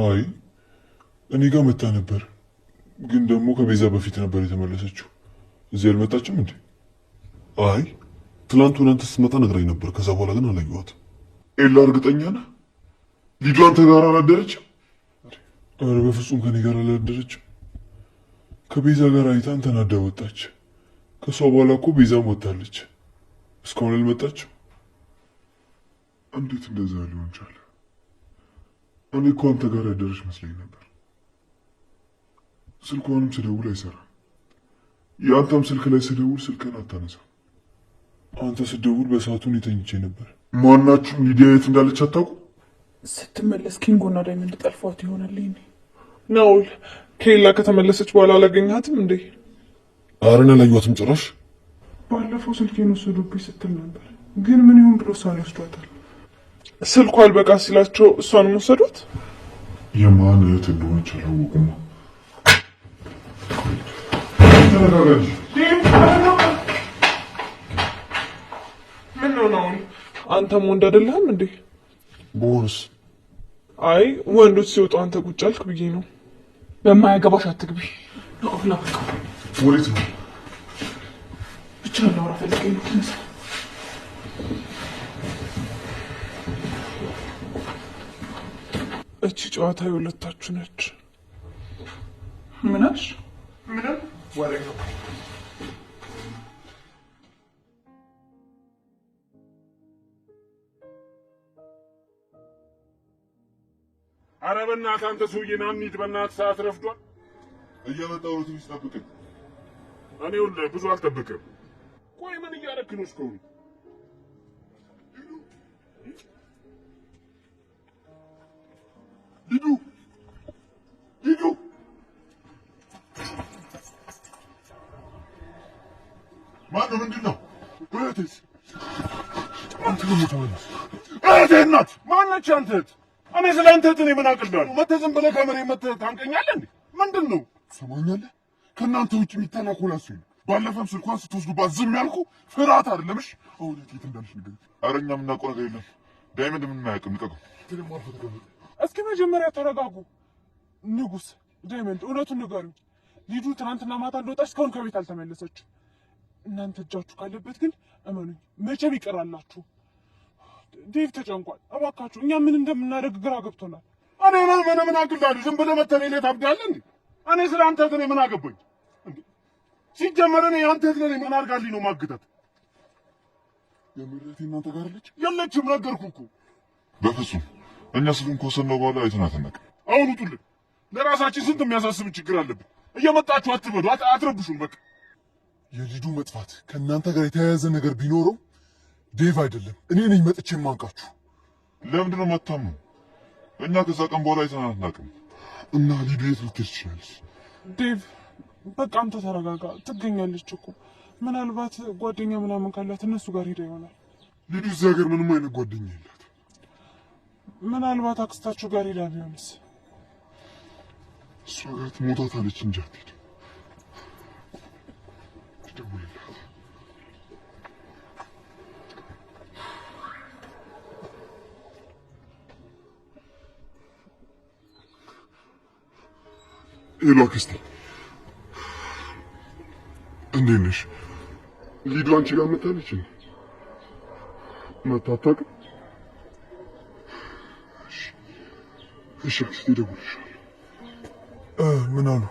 አይ እኔ ጋር መጣ ነበር፣ ግን ደግሞ ከቤዛ በፊት ነበር የተመለሰችው። እዚህ አልመጣችም እንዴ? አይ ትላንት አንተ ስትመጣ ነግራኝ ነበር። ከዛ በኋላ ግን አላየኋት። ኤላ እርግጠኛ ነህ? ሊዱ አንተ ጋር አላደረችም? ኧረ በፍጹም ከኔ ጋር አላደረችም። ከቤዛ ጋር አይታ አንተን ወጣች። ከሷ በኋላ እኮ ቤዛም ወጣለች። እስካሁን አልመጣችም። እንዴት እንደዛ ሊሆን ቻለ? እኔ እኮ አንተ ጋር ያደረች መስለኝ ነበር። ስልኳንም ስደውል አይሰራም። የአንተም ስልክ ላይ ስደውል ስልክን አታነሳም። አንተ ስደውል በሰዓቱ የተኝቼ ነበር። ማናችሁ ሊዲያ የት እንዳለች አታውቁ? ስትመለስ ኪንጎና ዳይመንድ ጠልፏት ይሆናል። ይኔ ናውል ከሌላ ከተመለሰች በኋላ አላገኘሃትም እንዴ? አረነ ላዩዋትም ጭራሽ ባለፈው ስልኬን ወሰዱብኝ ስትል ነበር። ግን ምን ይሁን ብሎ ሳን ይወስዷታል ስልኩ አልበቃ ሲላቸው እሷን ወሰዷት። የማን እህት እንደሆነች አላወቁም። ምን ነው አንተም ወንድ አይደለህም እንዴ? ቦንስ አይ ወንዶች ሲወጡ አንተ ቁጭ አልክ ብዬ ነው። በማያገባሽ አትግቢ። ወዴት ነው ብቻ ላውራ ፈልጌ ነው እቺ ጨዋታ የሁለታችሁ ነች። ምናሽ ምንም ወሬ ነው። አረ በእናትህ አንተ ሰውዬ ና እንሂድ። በእናትህ ሰዓት ረፍዷል። እየመጣሁ ነው። ትንሽ ጠብቅኝ። እኔ ሁሉ ብዙ አልጠብቅም። ቆይ ምን እያደረክ ነው እስከሁን? ሂዱ ሂዱ። ማነው? ምንድን ነው? እህቴስ እህቴ ናት። ማነች? አንተ እህት? እኔ ስለ አንተ እህት እኔ ምን አቅልዳለሁ? መተህ ዝም ብለህ ከመሬት መተህ ታንቀኛለህ እንዴ? ምንድን ነው? ትሰማኛለህ? ከእናንተ ውጭ የሚተናኮል እሱ ባለፈም ስልኳን ስትወስዱባት ዝም ያልኩ ፍርሃት አይደለም። እሺ አሁን የት እንዳለሽ ንገሪኝ። ኧረ እኛ የምናውቀው ነገር የለም። ዳይመንድ ምንም አያውቅም። ልቀቀው። እስኪ መጀመሪያ ተረጋጉ። ንጉስ ዳይመንድ እውነቱን ንገሩኝ። ልጁ ትናንትና ማታ እንደወጣች እስካሁን ከቤት አልተመለሰችም። እናንተ እጃችሁ ካለበት ግን እመኑኝ መቼም ይቀራላችሁ። ዴቭ ተጨንቋል። እባካችሁ እኛ ምን እንደምናደርግ ግራ ገብቶናል። እኔ ነው ምን ምን አግልዳሉ? ዝም ብለህ መተኔ ላይ ታብዳለህ እንዴ? እኔ ስለ አንተ እህት እኔ ምን አገባኝ? ሲጀመር እኔ አንተ እህት ነኝ። ምን አድርጋልኝ ነው ማግታት? የምሬት እናንተ ጋር አለች የለችም? ነገርኩ እኮ በፍጹም እኛ ስልን ኮሰን ነው በኋላ አይተናተነቅ አሁን ውጡልን። ለራሳችን ስንት የሚያሳስብን ችግር አለብን። እየመጣችሁ አትበዱ፣ አትረብሹን። በቃ የሊዱ መጥፋት ከእናንተ ጋር የተያያዘ ነገር ቢኖረው ዴቭ አይደለም እኔ ነኝ መጥቼ የማንቃችሁ። ለምንድን ነው መታም ነው? እኛ ከዛ ቀን በኋላ አይተናት እና ሊዱ የት ልትሄድ ትችላለች? ዴቭ በቃ አንተ ተረጋጋ። ትገኛለች እኮ ምናልባት ጓደኛ ምናምን ካላት እነሱ ጋር ሄዳ ይሆናል። ሊዱ እዚህ ሀገር ምንም አይነት ጓደኛ የለ ምናልባት አክስታችሁ ጋር ሄዳ ቢሆንስ? እሷ ጋር ትሞታታለች እንጂ አትሄድም። ሄሎ፣ አክስቴ እንዴት ነሽ? ሊዱ አንቺ ጋር መታለች መታታቅ ሽርክስ ይደውልሻል። ምን አሉ?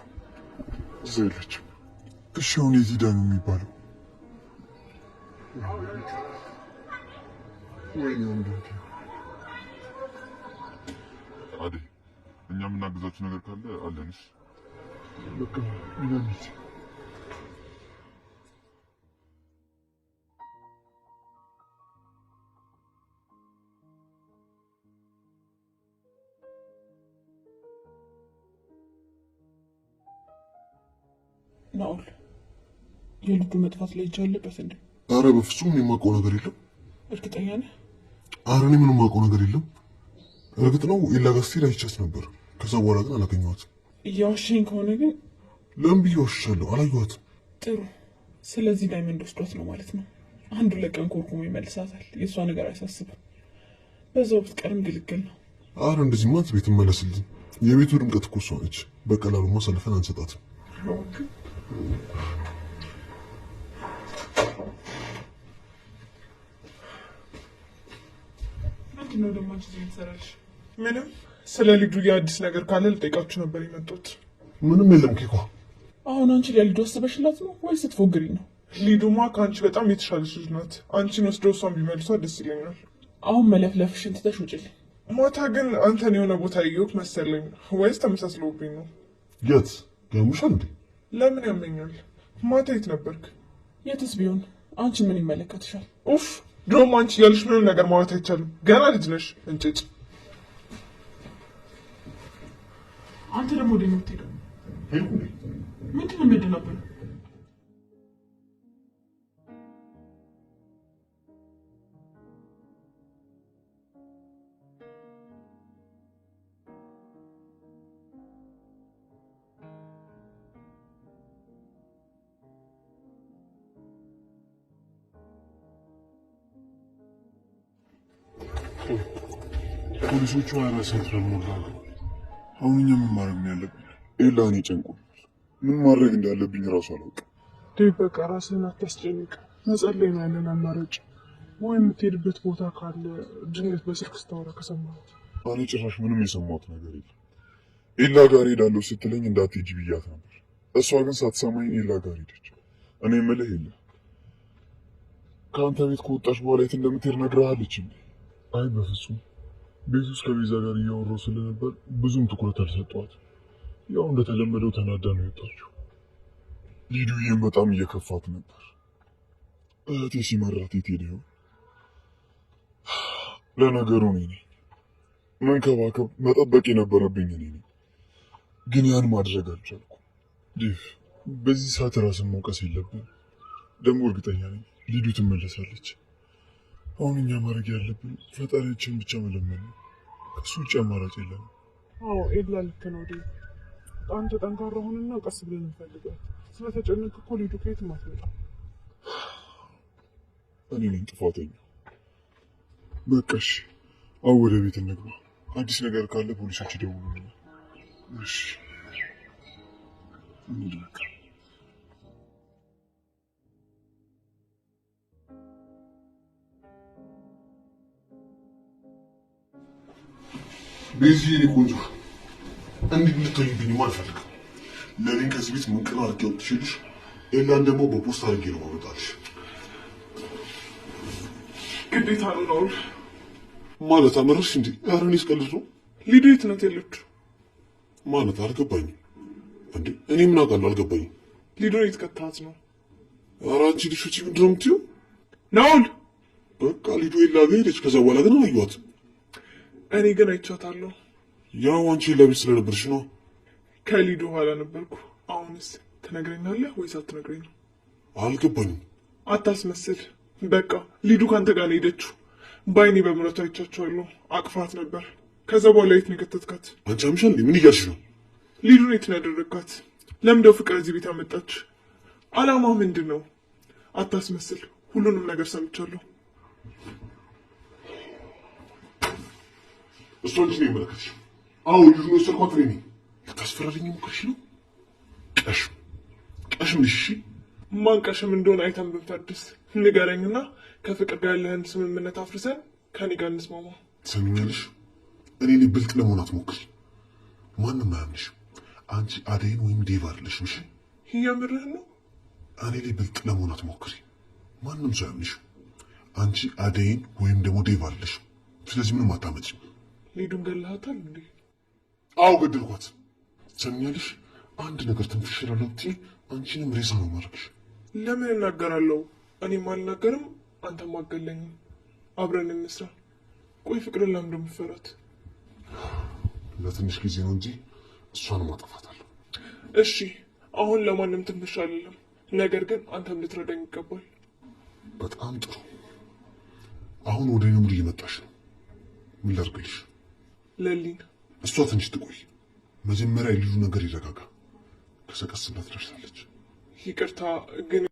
እዛ የለችም። እሺ፣ አሁን የዚዳ ነው የሚባለው። አዴ፣ እኛ የምናግዛችሁ ነገር ካለ አለንሽ። የልጁ መጥፋት ላይ እጅ አለበት እንዴ? አረ በፍጹም እኔ የማውቀው ነገር የለም። እርግጠኛ ነህ? አረ እኔ ምንም የማውቀው ነገር የለም። እርግጥ ነው ኢላጋስቴ አይቻት ነበር። ከዛ በኋላ ግን አላገኘኋትም። እያዋሸኝ ከሆነ ግን ለምን ብዬ ዋሽሻለሁ? አላየኋትም። ጥሩ። ስለዚህ ዳይመንድ ወስዷት ነው ማለት ነው። አንዱ ለቀን ኮርኩሞ ይመልሳታል። የእሷ ነገር አያሳስብም። በዛው ወቅት ግልግል ነው። አረ እንደዚህ ማለት ቤት መለስልኝ። የቤቱ ድምቀት እኮ እሷ ነች። በቀላሉ ማሳልፈን አንሰጣትም። ምንድን ነው ደማች የምትሰራልሽ? ምንም። ስለ ሊዱ አዲስ ነገር ካለ ልጠይቃችሁ ነበር የመጡት። ምንም የለም ኬኳ። አሁን አንቺ ለሊዱ አስበሽላት ነው ወይስ ስትፎግሪ ነው? ሊዱማ ከአንቺ በጣም የተሻለች ልጅ ናት። አንቺን ወስዶ እሷን ቢመልሷ ደስ ይለኛል። አሁን መለፍለፍሽን ትተሽ ውጭልኝ። ማታ ግን አንተን የሆነ ቦታ ያየሁት መሰለኝ፣ ወይስ ተመሳስለውብኝ ነው? የት ያሙሻል እንዴ? ለምን ያመኛል? ማታ የት ነበርክ? የትስ ቢሆን አንቺ ምን ይመለከትሻል? ኡፍ ድሮም አንቺ እያልሽ ምንም ነገር ማለት አይቻልም። ገና ልጅ ነሽ እንጭጭ። አንተ ደግሞ ወደ የምትሄደው ምንድን ነበር? ቆይ ፖሊሶቹ ሀያ ሰዓት አሁን እኛ ምን ማድረግ ምን ማድረግ እንዳለብኝ እራሱ አላውቅም። ዴቭ በቃ ራስህን አታስጨንቅ። መጸለይ ነው ያለን አማራጭ። ወይ የምትሄድበት ቦታ ካለ ድንገት በስልክ ስታወራ ከሰማሁት። እኔ ጭራሽ ምንም የሰማሁት ነገር የለም። ኤላ ጋር ሄዳለሁ ስትለኝ እንዳትሄጂ ብያት ነበር። እሷ ግን ሳትሰማኝ ኤላ ጋር ሄደች። እኔ የምልህ ከአንተ ቤት ከወጣች በኋላ የት እንደምትሄድ ነግረሃለች እንዴ? አይ በፍጹም ቤት ውስጥ ከቤዛ ጋር እያወራሁ ስለነበር ብዙም ትኩረት አልሰጠዋት። ያው እንደተለመደው ተናዳ ነው የወጣችው። ሊዱዬም በጣም እየከፋት ነበር። እህቴ ሲመራት የት ሄደ ይሆን? ለነገሩ እኔ ነኝ መንከባከብ መጠበቅ የነበረብኝ እኔ ነኝ፣ ግን ያን ማድረግ አልቻልኩም። ዲፍ በዚህ ሰዓት ራስን መውቀስ የለብን። ደግሞ እርግጠኛ ነኝ ሊዱ ትመለሳለች። አሁን እኛ ማድረግ ያለብን ፈጣሪያችን ብቻ መለመን ከሱ ውጭ አማራጭ የለም። አዎ ኤላ ልክ ነው። ዴ አንተ ጠንካራ ሁንና ቀስ ብለን እንፈልጋል። ስለተጨነቅ እኮ ሊዱ ከየት አትመጣም። እኔ ነኝ ጥፋተኛ። በቃሽ፣ አሁ ወደ ቤት እንግባ። አዲስ ነገር ካለ ፖሊሶች ይደውሉልናል። እሺ እንሂድ ቤዚ የኔ ቆንጆ እንዴት እንድትሆኝብኝ አልፈልግም። ለኔን ከዚህ ቤት ምንቅል አድርጌ ወጥቼልሽ፣ ኤላን ደግሞ በፖስት አድርጌ ነው ማመጣልሽ። ግዴታ ነው ነው ማለት አመረሽ እንዴ? ኧረ እኔ ስቀልድ ነው። ሊዱ የት ናት ያለችው? ማለት አልገባኝም። እንዴ እኔ ምን አውቃለሁ? አልገባኝም። ሊዱን የት ቀጣት ነው? ኧረ አንቺ ልጅ ምንድን ነው የምትይው? ናውል በቃ ሊዱ የላ ሄደች። ከዛ በኋላ ግን አላየኋትም። እኔ ግን አይቻታለሁ። ያው አንቺ ለቤት ስለነበርሽ ነው። ከሊዱ ኋላ ነበርኩ። አሁንስ ትነግረኛለህ ወይስ አትነግረኝም? አልገባኝም። አታስመስል። በቃ ሊዱ ካንተ ጋር ነው ሄደችው። በአይኔ በምረቱ አይቻቸዋለሁ። አቅፋት ነበር። ከዛ በኋላ የት ነው የከተትካት? አንቺ አምሻል። ምን እያልሽ ነው? ሊዱን የት ነው ያደረግካት? ለምደው ፍቅር እዚህ ቤት አመጣች? አላማ ምንድን ነው? አታስመስል። ሁሉንም ነገር ሰምቻለሁ። እሷ ልጅ ነው የመለከትሽ። አዎ ልጁ ነው እኔ ነኝ። ልታስፈራሪኝ ሞክርሽ ነው? ቀሽ ቀሽ ምልሽ ማን ቀሽም እንደሆነ አይተን ብንፈርድስ? ንገረኝና ከፍቅር ጋር ያለህን ስምምነት አፍርሰን ከኔ ጋር እንስማማ። ትሰሚኛለሽ? እኔ ብልጥ ለመሆን አትሞክሪ። ማንም አያምንሽ። አንቺ አደይን ወይም ዴቭ አይደለሽም። እሺ? የምርህ ነው። እኔ ብልጥ ለመሆን አትሞክሪ። ማንም ሰው አያምንሽ። አንቺ አደይን ወይም ደግሞ ዴቭ አይደለሽም። ስለዚህ ምንም አታመጭም። ሊዱን ገላሃታል እንዴ? አዎ ገድልኳት። ሰሚያልሽ አንድ ነገር ትንፍሽላለሁ ብትይ አንቺንም ሬሳ ነው ማድረግሽ። ለምን እናገራለሁ? እኔም አልናገርም፣ አንተም አገለኝም። አብረን እንስራ። ቆይ ፍቅርን ለምን እንደምፈራት ለትንሽ ጊዜ ነው እንጂ እሷን ማጠፋታለሁ። እሺ፣ አሁን ለማንም ትንሽ አይደለም፣ ነገር ግን አንተም ልትረዳኝ ይገባል። በጣም ጥሩ። አሁን ወደ ነምሩ እየመጣሽ ነው። ምን ላድርግልሽ? ለሊን እሷ ትንሽ ትቆይ። መጀመሪያ የልጁ ነገር ይረጋጋ። ከሰቀስበት ደርሳለች። ይቅርታ ግን